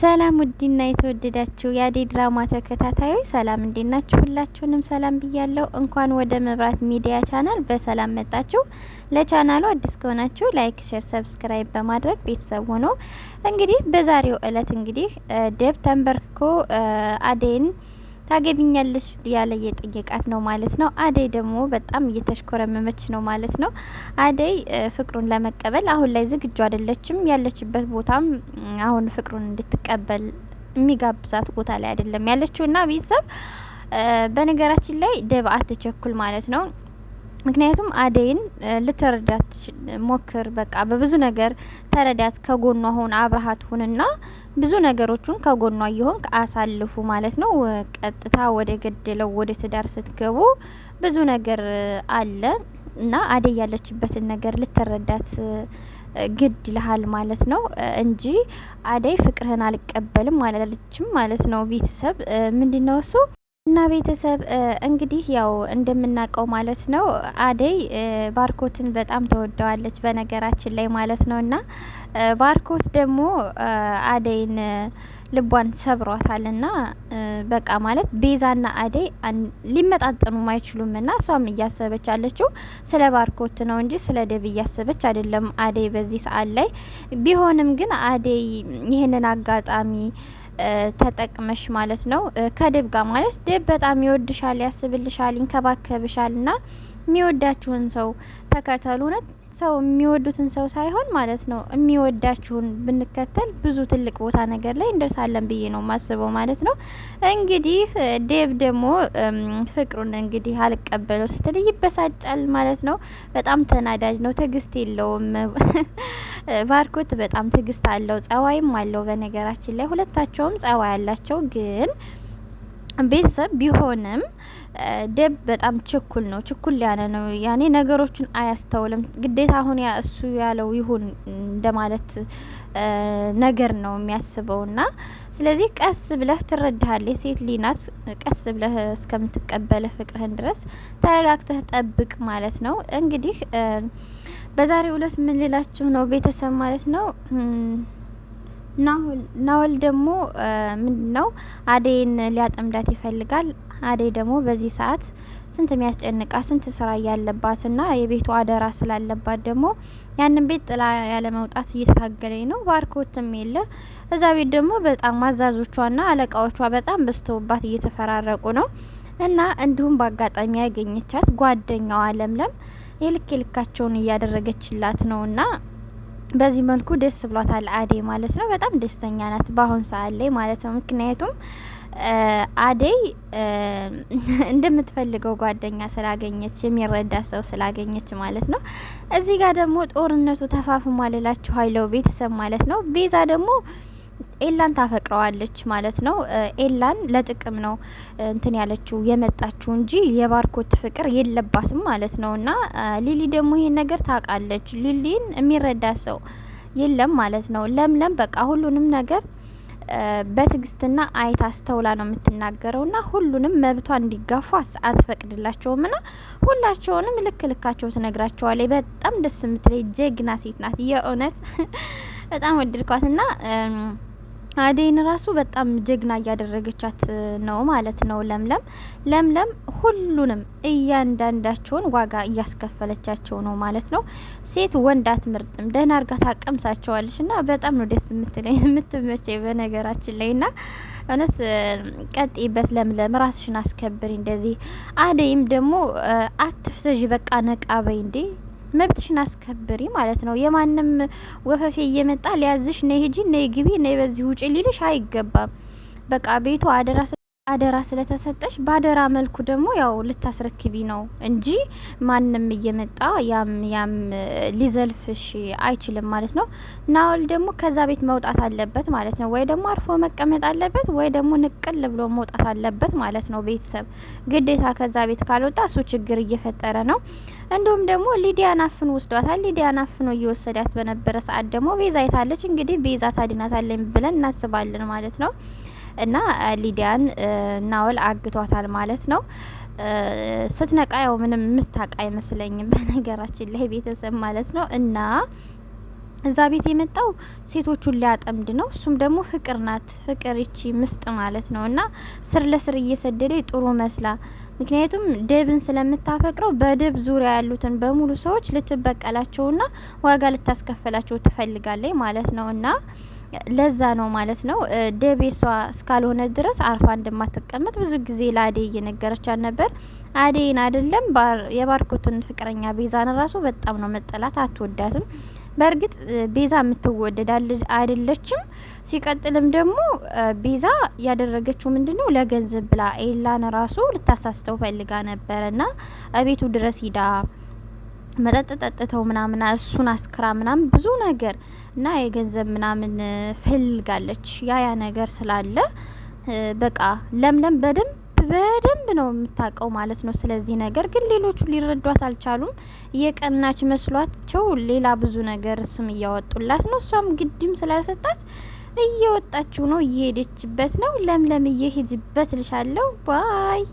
ሰላም ውድና የተወደዳችሁ የአዴ ድራማ ተከታታዮች ሰላም እንዴናችሁ? ሁላችሁንም ሰላም ብያለሁ። እንኳን ወደ መብራት ሚዲያ ቻናል በሰላም መጣችሁ። ለቻናሉ አዲስ ከሆናችሁ ላይክ፣ ሼር፣ ሰብስክራይብ በማድረግ ቤተሰብ ሆኖ እንግዲህ በዛሬው እለት እንግዲህ ደብ ተንበርክኮ አዴን ታገቢኛለሽ ያለ የጠየቃት ነው ማለት ነው። አደይ ደግሞ በጣም እየተሽኮረመመች ነው ማለት ነው። አደይ ፍቅሩን ለመቀበል አሁን ላይ ዝግጁ አይደለችም። ያለችበት ቦታም አሁን ፍቅሩን እንድትቀበል የሚጋብዛት ቦታ ላይ አይደለም ያለችውና ቤተሰብ በነገራችን ላይ ደብ አትቸኩል ማለት ነው። ምክንያቱም አደይን ልትረዳት ሞክር። በቃ በብዙ ነገር ተረዳት፣ ከጎኗ ሁን፣ አብረሃት ሁንና ብዙ ነገሮችን ከጎኗ እየሆን አሳልፉ ማለት ነው። ቀጥታ ወደ ገደለው ወደ ትዳር ስትገቡ ብዙ ነገር አለ እና አደይ ያለችበትን ነገር ልትረዳት ግድ ይልሃል ማለት ነው እንጂ አደይ ፍቅርህን አልቀበልም አላለችም ማለት ነው። ቤተሰብ ምንድነው እሱ እና ቤተሰብ እንግዲህ ያው እንደምናውቀው ማለት ነው አደይ ባርኮትን በጣም ተወደዋለች፣ በነገራችን ላይ ማለት ነው። እና ባርኮት ደግሞ አደይን ልቧን ሰብሯታል። እና በቃ ማለት ቤዛና አደይ ሊመጣጠኑም አይችሉም። እና እሷም እያሰበች ያለችው ስለ ባርኮት ነው እንጂ ስለ ደብ እያሰበች አይደለም አደይ በዚህ ሰዓት ላይ ቢሆንም ግን አደይ ይህንን አጋጣሚ ተጠቅመሽ ማለት ነው ከደብ ጋር ማለት ደብ በጣም ይወድሻል፣ ያስብልሻል፣ ይንከባከብሻል እና የሚወዳችሁን ሰው ተከተሉ። ሰው የሚወዱትን ሰው ሳይሆን ማለት ነው የሚወዳችሁን ብንከተል ብዙ ትልቅ ቦታ ነገር ላይ እንደርሳለን ብዬ ነው የማስበው ማለት ነው። እንግዲህ ዴቭ ደግሞ ፍቅሩን እንግዲህ አልቀበለው ስትል ይበሳጫል ማለት ነው። በጣም ተናዳጅ ነው፣ ትዕግስት የለውም። ባርኮት በጣም ትዕግስት አለው፣ ጸባይም አለው። በነገራችን ላይ ሁለታቸውም ጸባይ አላቸው ግን ቤተሰብ ቢሆንም ደብ በጣም ችኩል ነው። ችኩል ያለ ነው። ያኔ ነገሮችን አያስተውልም። ግዴታ አሁን ያ እሱ ያለው ይሁን እንደማለት ነገር ነው የሚያስበው ና ስለዚህ ቀስ ብለህ ትረዳሃለህ። ሴት ሊናት ቀስ ብለህ እስከምትቀበለ ፍቅርህን ድረስ ተረጋግተህ ጠብቅ ማለት ነው። እንግዲህ በዛሬው እለት ምን ልላችሁ ነው ቤተሰብ ማለት ነው ናወል ደግሞ ምንድን ነው አደይን ሊያጠምዳት ይፈልጋል። አደይ ደግሞ በዚህ ሰዓት ስንት የሚያስጨንቃ ስንት ስራ እያለባትና የቤቱ አደራ ስላለባት ደግሞ ያንን ቤት ጥላ ያለ መውጣት እየታገለኝ ነው። ባርኮትም የለ እዛ ቤት ደግሞ በጣም አዛዦቿና አለቃዎቿ በጣም በስተውባት እየተፈራረቁ ነው። እና እንዲሁም በአጋጣሚ ያገኘቻት ጓደኛዋ ለምለም የልክ የልካቸውን እያደረገችላት ነውና በዚህ መልኩ ደስ ብሏታል አደይ ማለት ነው። በጣም ደስተኛ ናት በአሁን ሰዓት ላይ ማለት ነው። ምክንያቱም አደይ እንደምትፈልገው ጓደኛ ስላገኘች የሚረዳ ሰው ስላገኘች ማለት ነው። እዚህ ጋር ደግሞ ጦርነቱ ተፋፍሟል እላችኋለሁ ቤተሰብ ማለት ነው። ቤዛ ደግሞ ኤላን ታፈቅረዋለች ማለት ነው። ኤላን ለጥቅም ነው እንትን ያለችው የመጣችው እንጂ የባርኮት ፍቅር የለባትም ማለት ነው። እና ሊሊ ደግሞ ይሄን ነገር ታውቃለች። ሊሊን የሚረዳ ሰው የለም ማለት ነው። ለምለም በቃ ሁሉንም ነገር በትግስትና አይታ አስተውላ ነው የምትናገረው ና ሁሉንም መብቷ እንዲጋፉ አትፈቅድላቸውም ና ሁላቸውንም ልክ ልካቸው ትነግራቸዋለች። በጣም ደስ የምትለይ ጀግና ሴት ናት። የእውነት በጣም ወድድኳት ና አደይን ራሱ በጣም ጀግና እያደረገቻት ነው ማለት ነው። ለምለም ለምለም ሁሉንም እያንዳንዳቸውን ዋጋ እያስከፈለቻቸው ነው ማለት ነው። ሴት ወንድ ምርጥም ደህና እርጋታ ታቀምሳቸዋለች። እና በጣም ነው ደስ የምትለኝ የምትመቼ በነገራችን ላይ ና እውነት ቀጤበት ለምለም፣ ራስሽን አስከብሪ። እንደዚህ አደይም ደግሞ አትፍሰዥ፣ በቃ ነቃበይ እንዴ መብትሽን አስከብሪ ማለት ነው። የማንም ወፈፌ እየመጣ ሊያዝሽ ነይ ሂጂ፣ ነይ ግቢ፣ ነይ በዚህ ውጪ ሊልሽ አይገባም። በቃ ቤቱ አደራ አደራ ስለተሰጠሽ በአደራ መልኩ ደግሞ ያው ልታስረክቢ ነው እንጂ ማንም እየመጣ ያም ያም ሊዘልፍሽ አይችልም ማለት ነው። ናውል ደግሞ ከዛ ቤት መውጣት አለበት ማለት ነው። ወይ ደግሞ አርፎ መቀመጥ አለበት፣ ወይ ደግሞ ንቅል ብሎ መውጣት አለበት ማለት ነው። ቤተሰብ ግዴታ ከዛ ቤት ካልወጣ እሱ ችግር እየፈጠረ ነው። እንዲሁም ደግሞ ሊዲያን አፍኖ ወስዷታል። ሊዲያን አፍኖ እየወሰዳት በነበረ ሰዓት ደግሞ ቤዛ የታለች? እንግዲህ ቤዛ ታድናታለን ብለን እናስባለን ማለት ነው። እና ሊዲያን ናወል አግቷታል ማለት ነው። ስትነቃ ያው ምንም የምታቃ አይመስለኝም በነገራችን ላይ ቤተሰብ ማለት ነው እና እዛ ቤት የመጣው ሴቶቹን ሊያጠምድ ነው። እሱም ደግሞ ፍቅር ናት፣ ፍቅር ይቺ ምስጥ ማለት ነው እና ስር ለስር እየሰደደ ጥሩ መስላ ምክንያቱም ደብን ስለምታፈቅረው በደብ ዙሪያ ያሉትን በሙሉ ሰዎች ልትበቀላቸውና ዋጋ ልታስከፈላቸው ትፈልጋለች ማለት ነው እና ለዛ ነው ማለት ነው ደቤ እሷ እስካልሆነ ድረስ አርፋ እንደማትቀመጥ ብዙ ጊዜ ለአዴ እየነገረቻት ነበር። አዴን አይደለም የባርኮትን ፍቅረኛ ቤዛን ራሱ በጣም ነው መጠላት፣ አትወዳትም። በእርግጥ ቤዛ የምትወደድ አይደለችም። ሲቀጥልም ደግሞ ቤዛ ያደረገችው ምንድን ነው ለገንዘብ ብላ ኤላን ራሱ ልታሳስተው ፈልጋ ነበረና ቤቱ ድረስ ሂዳ መጠጥ ጠጥተው ምናምን እሱን አስክራ ምናምን ብዙ ነገር እና የገንዘብ ምናምን ፈልጋለች። ያ ያ ነገር ስላለ በቃ ለምለም በደንብ በደንብ ነው የምታውቀው ማለት ነው ስለዚህ ነገር። ግን ሌሎቹ ሊረዷት አልቻሉም። እየቀናች መስሏቸው ሌላ ብዙ ነገር ስም እያወጡላት ነው። እሷም ግድም ስላልሰጣት እየወጣችው ነው፣ እየሄደችበት ነው። ለምለም እየሄጅበት ልሻለው ባይ